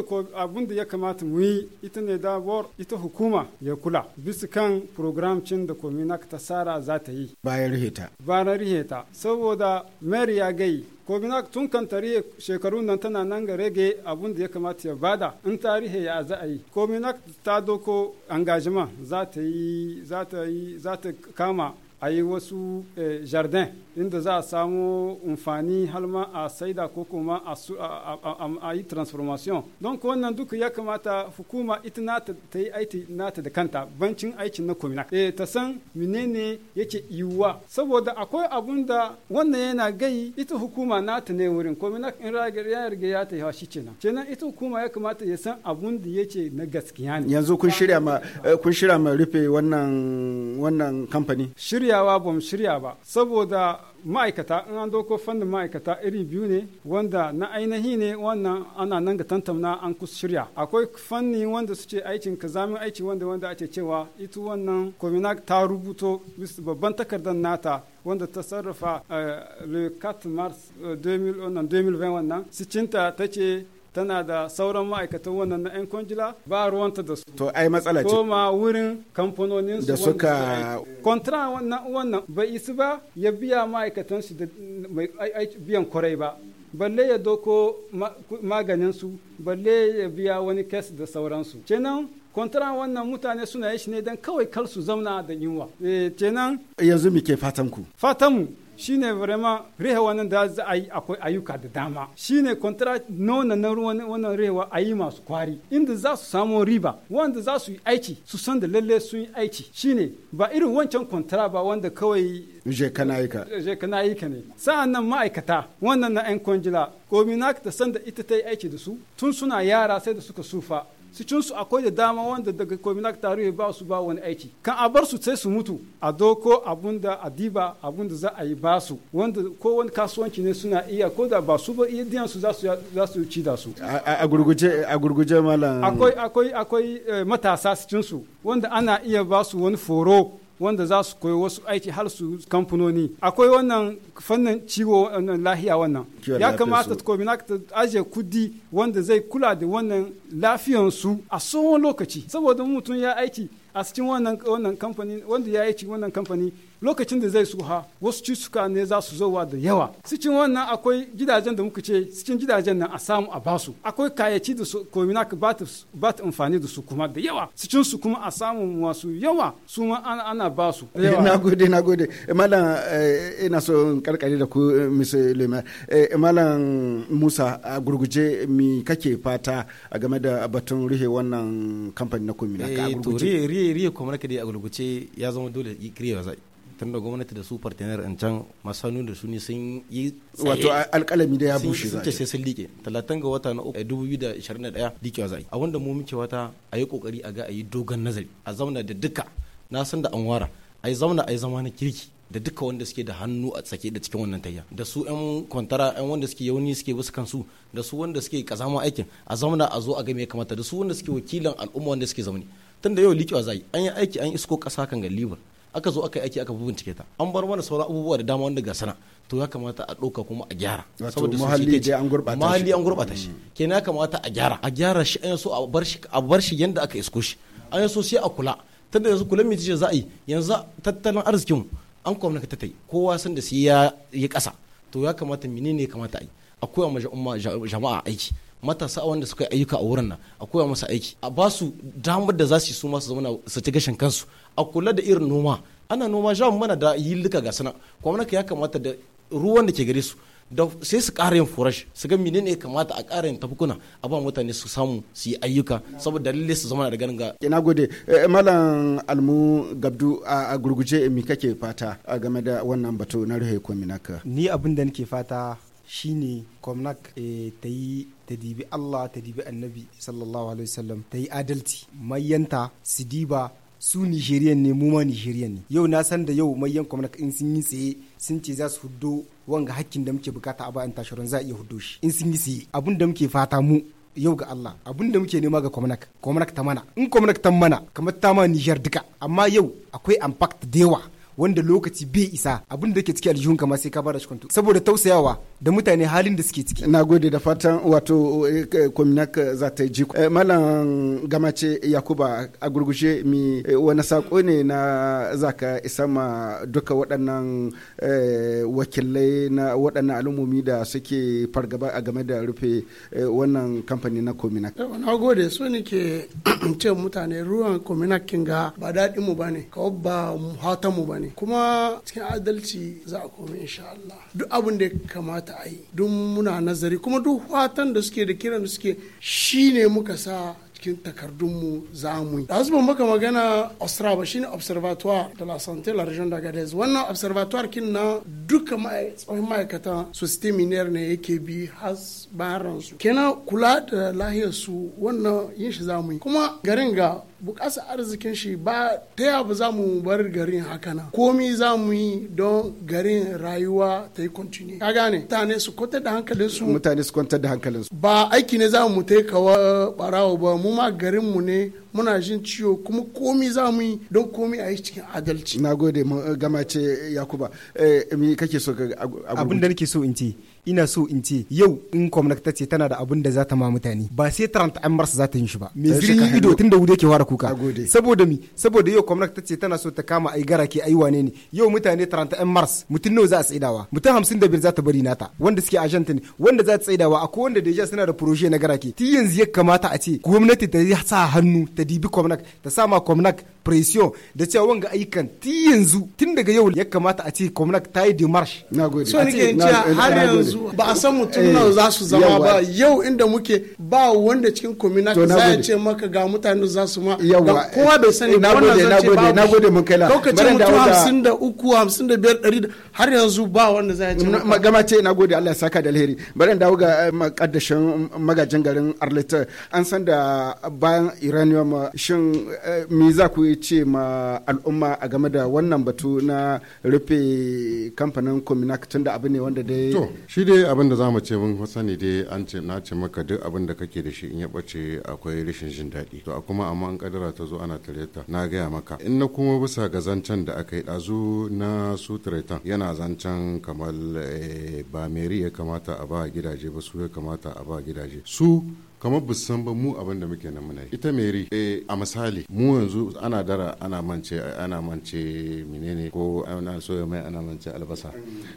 da ya kamata mu yi ita ne da ita hukuma ya kula bisa kan program cin da kominak ta sara za ta yi bayan riheta bayan riheta saboda mary ya gai kominak tun kan tarihi shekaru nan tana nan ga rage abun da ya kamata ya bada in tarihi ya za a yi kominak ta doko engagement za za ta yi za ta kama aí o osso eh, jardim inda za a samu amfani halma a saida ko kuma a yi transformation don wannan duk ya kamata hukuma ita nata ta yi aiki nata da kanta bancin aikin na kominak eh ta san menene yake yiwuwa saboda akwai abun da wannan yana gai ita hukuma nata ne wurin kominak in ya riga ya ta shi kenan kenan ita hukuma ya kamata ya san abun da yake na gaskiya ne yanzu kun shirya ma eh, kun shirya ma rufe wannan wannan kamfani shiryawa bam shirya ba saboda ma'aikata in an doko fannin ma'aikata iri biyu ne wanda na ainihi ne wannan ana nan ga tantamna an kusa shirya akwai fanni wanda suke ce aikin kazamin aiki wanda wanda ake cewa ita wannan kominak ta rubuto bisa babban takardar nata wanda ta sarrafa eh, le 4 mars 2020 eh, wannan cikinta ta ce tana da sauran ma'aikatan wannan na 'yan kwangila ba ruwanta da su to ai matsala ce koma wurin kamfanonin su da suka kontra wannan bai isi ba ya biya ma'aikatan su da biyan kwarai ba balle ya doko maganin su balle ya biya wani kes da sauransu kenan kwantara wannan mutane suna yi shi ne don kawai kar su zauna da yunwa eh, kenan yanzu mu ke fatan ku fatanmu shine vraiment rehewa wannan da za a yi akwai ayyuka da dama shine kwantara nona na wannan rehewa a yi masu kwari inda za su samu riba wanda za su yi aiki su san da lalle sun yi aiki shine ba irin wancan kwantara ba wanda kawai je kana yi ka je kana yi ka ne sa'an nan ma'aikata wannan na yan kwangila gominak ta san da ita ta yi aiki da su tun suna yara sai da suka sufa cikinsu akwai da dama wanda daga kominak tarihi ba su ba wani aiki kan a bar su sai su mutu a doko abun da adiba abun da za a yi ba su wanda ko wani kasuwanci ne suna iya ko da ba su ba iya diyan su za su ci da su a gurguje a gurguje malam akwai akwai akwai eh, matasa cikinsu wanda ana iya ba su wani foro wanda za su koyi wasu aiki har su kamfanoni akwai wannan fannin ciwo wannan lahiya wannan ya kamata na ta ajiye kudi wanda zai kula da wannan lafiyansu a tsohon lokaci saboda mutum ya aiki a cikin wannan kamfani wanda ya aiki wannan kamfani lokacin da zai suha wasu cutuka ne za su zowa da yawa cikin wannan akwai gidajen da muka ce cikin gidajen nan a samu a basu akwai kayaci da kominak ba ta amfani da su kuma da yawa cikin su kuma a samu masu yawa su ma ana basu na gode na gode eh, malam eh, ina so karkare da ku eh, mr lema malam musa a gurguje mi kake fata a game da batun rihe wannan kamfani na komina ka gurguje rihe rihe kominak dai a gurguje ya zama dole kiriyar zai tun da gwamnati da su partner in can masanu da su ne sun yi wato alkalami da ya bushe sun ce sai sun liƙe talatin ga wata na uku eh, dubu biyu da da liƙewa za a yi a wanda mu muke wata a yi kokari a ga a yi dogon nazari a zauna da duka na san da an wara a yi zauna a yi zama na kirki da duka wanda suke da hannu a tsake da cikin wannan tayya da su yan kwantara yan wanda suke yauni suke wasu kansu da su wanda suke kazama aikin a zauna a zo a ga me kamata da su wanda suke wakilan al'umma wanda suke zaune da yau likewa zai an yi aiki an isko kasa kan ga libar aka zo aka yi aiki aka bincike ta an bar mana sauran abubuwa da dama wanda ga sana to ya kamata a ɗauka kuma a gyara saboda muhalli dai an gurɓata shi muhalli an gurɓata shi mm. kenan ya kamata a gyara a gyara shi an so a bar shi a bar shi yanda aka isko shi an so sai a kula tunda yanzu kula mai ce za a yi yanzu tattalin arzikin an kwamna ta tai kowa san da sai ya yi ƙasa to ya kamata menene ya kamata a yi a koya ma jama'a aiki matasa wanda suka yi ayyuka a wurin nan a koya masa aiki a ba su damar da za su yi su masu zauna su ci gashin kansu a kula da irin noma ana noma jamu mana da yillika ga sana gwamnati ya kamata da ruwan da ke gare su da sai su ƙara yin furash su ga menene ya kamata a ƙara yin tafkuna a ba mutane su samu su yi ayyuka saboda lalle su zama da ganin ga ina eh, gode eh, malam almu gabdu a gurguje eh, mi kake fata game da wannan batu na rihe kominaka ni abin da nake fata shine komnak ta yi ta dibi Allah ta dibi annabi sallallahu alaihi wasallam ta yi adalci mayanta sidiba. su nigerian ne mu ma nigerian ne yau na san da yau mayan kwamnati in sun yi tsaye sun ce za su huddo wanga hakkin da muke bukata a bayan tashiron za a iya huddo shi in sun yi tsaye abun da muke fata mu yau ga Allah abun da muke nema ga kwamnak kwamnak ta mana in kwamnak ta mana kamar ta ma Niger duka amma yau akwai impact da yawa wanda lokaci bai isa abun da ke cikin aljihun kamar sai ka bada shi saboda tausayawa da mutane halin da suke ciki na gode da fatan wato eh, kominak eh, za ta ji eh, malam gamace yakuba a gurgushe mi wani sako ne na zaka isa ma duka waɗannan wakilai na waɗannan al'ummomi da suke fargaba a game da rufe wannan kamfani na kominak na gode su ne ke ce mutane ruwan kominak ga ba daɗi mu ba ne ba hata mu ba ne kuma cikin adalci za a komi insha Allah duk abin da ya kamata kamata a yi duk muna nazari kuma duk fatan da suke da kiran suke suke ne muka sa cikin takardunmu za mu yi. Ɗazu maka magana Ostrava shine Observatoire de la Santé la Région d'Agadez. Wannan Observatoire kin na duka tsohon ma'aikatan su miniyar ne yake bi has bayan ransu. Kenan kula da lahiyarsu su wannan yin shi za mu yi. Kuma garin ga bukasa arzikin shi ba ta ya ba za mu bar garin haka nan komi za mu yi don garin rayuwa ta yi continue ka gane mutane su kwantar da hankalin su mutane su kwantar da hankalin su ba aiki ne za mu ta kawa barawo ba mu ma garin mu ne muna jin ciwo kuma komi za mu yi don komi a yi cikin adalci na gode gama ce yakuba eh, abin da nake so in ce ina so in ce yau in gwamnati ta ce tana da abun da za ta ma mutane ba sai taranta an marsa za ta yi shi ba me zirin ido tun da wuri yake wara kuka saboda mi saboda yau gwamnati ta ce tana so ta kama ai gara ke ai wane ne yau mutane taranta an mars mutum nawa za a tsaidawa mutum hamsin da biyar za ta bari nata wanda suke ajanta ne wanda za ta tsaidawa ko wanda deja suna da proje na gara ke ti yanzu ya kamata a ce gwamnati ta sa hannu ta dibi gwamnati ta sa ma gwamnati pression da cewa wanga ayyukan ti yanzu tun daga yau ya kamata a ce comnac ta yi demarche na gode so nake cewa har yanzu ba a san mutum nawa eh, za su zama ba yau inda muke ba wanda cikin comnac za ya ce maka ga mutanen za su ma ga kowa bai sani ba gode zan ce ba na gode mun kai la lokacin mutum hamsin da uku hamsin da biyar ɗari har yanzu ba wanda za ya ce maka gama ce na gode Allah ya saka da alheri bari dawo ga eh, makaddashin magajin garin Arlita an san da bayan uranium eh, shin me za ku yi ce ma al'umma a game da wannan batu na rufe kamfanin kominak tun da abu ne wanda dai to shi dai abin da zamu ce mun sani dai an ce na ce maka duk abin da kake da shi in ya bace akwai rashin jin daɗi to kuma amma an kadara ta zo ana tare ta na gaya maka in na kuma bisa ga zancen da aka yi ɗazu na su yana zancen kamar eh, ba meri ya kamata a ba gidaje ba su ya kamata a ba gidaje su kamar ba san ba mu abin da muke nan muna ita meri eh, a misali mu yanzu ana dara ana mance ana mance menene ko ana soya mai ana mance albasa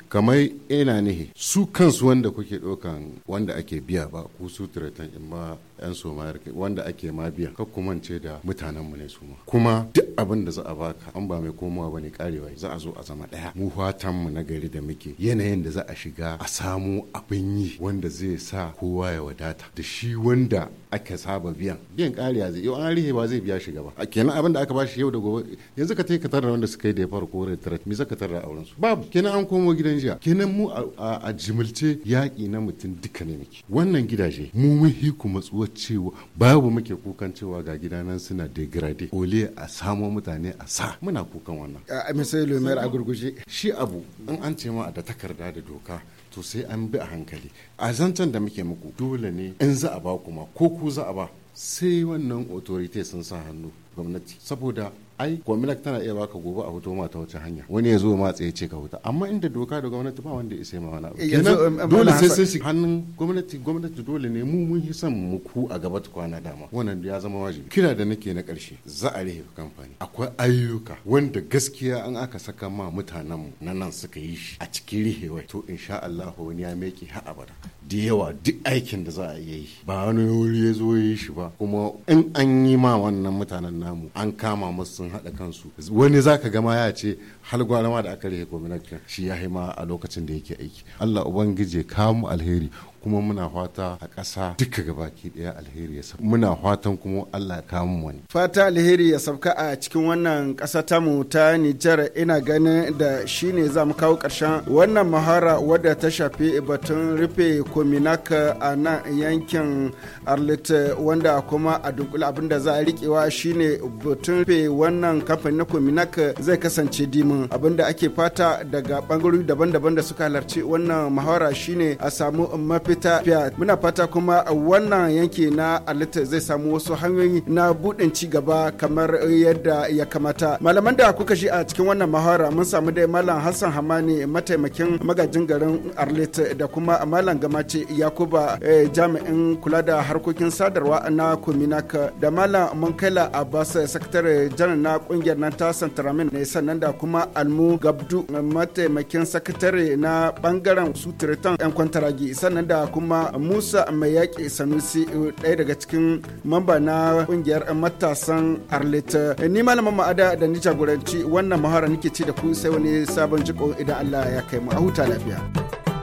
kamar ina ne su kansu wanda kuke dokan. wanda ake biya ba ku su in ba 'yan somayar wanda ake ma biya ka kuma ce da mutanen mu ne su ma kuma duk abin da za a baka an ba mai komawa bane karewa za a zo a zama daya mu fatan mu na gari da muke yanayin da za a shiga a samu abin yi wanda zai sa kowa ya wadata da shi wanda ake saba biyan biyan kariya zai yau an rihe ba zai biya shi gaba a kenan abin da aka shi yau da gobe yanzu ka tai ka tarra wanda suka yi da ya farko retret me zaka tarra auren su babu kenan an komo gidan jiya kenan mu a jimilce yaƙi na mutum duka ne muke wannan gidaje mu mun hiku matsuwa kuma cewa babu muke kukan cewa ga gidanan suna degrade ole a samo mutane a sa muna kukan wannan a misali lumiyar a gurguje shi abu in an ce ma da takarda da doka to sai an bi a hankali a zancen da muke muku dole ne in za a ba kuma ko ku za a ba sai wannan authority sun sa hannu gwamnati saboda ai gwamnati tana iya baka gobe a hoto ma ta wace hanya wani ya zo ma tsaye ce ka huta amma inda doka da gwamnati ba wanda ya sai ma wani abu eh, eh, dole sai sai shi hannun gwamnati gwamnati dole ne mu mun hisan mu ku a gaba kwana dama wannan ya zama wajibi kira da nake na karshe za a rufe kamfani akwai ayyuka wanda gaskiya an aka saka ma mutanen mu na nan suka yi shi a cikin rihewa to insha Allah wani ya meke ha abada da yawa duk aikin da za a iya yi ba wani wuri ya zo yi shi ba kuma in an yi ma wannan mutanen namu an kama musu sun haɗa kansu wani za ka gama ya ce har gwanama da aka rage gwamnati shi ya haima a lokacin da yake aiki allah ubangiji kamu alheri kuma muna fata a ƙasa duka gabaki ɗaya alheri ya sauka muna fatan kuma Allah ya kawo wani fata alheri ya sauka a cikin wannan ƙasa mu ta Nijar ina ganin da shine za mu kawo ƙarshen wannan mahara wadda ta shafi batun rufe kominak a nan yankin Arlit wanda kuma a dunkula abin da za a riƙewa shine batun rufe wannan kamfanin na kominak zai kasance dimin abin da ake fata daga bangarori daban-daban da suka halarci wannan mahara shine a samu mafi fiya muna fata kuma wannan yanki na alita zai samu wasu hanyoyi na buɗin ci gaba kamar yadda ya kamata malaman da kuka shi a cikin wannan mahara mun samu dai malam hassan hamani mataimakin magajin garin arlit da kuma malam gamace yakuba eh, jami'in kula da harkokin sadarwa na kuminaka da malam munkaila abbas sakatare janar na kungiyar nan ta santaramin ne sannan da kuma almu gabdu mataimakin sakatare na bangaren sutiritan yan kwantaragi sannan da kuma Musa mai yaƙi Sanusi ɗaya daga cikin mamba na ƙungiyar matasan Arlita. Ni malamin ma'ada da ni jagoranci wannan mahara nake ci da ku sai wani sabon jiko idan Allah ya kai mu a huta lafiya.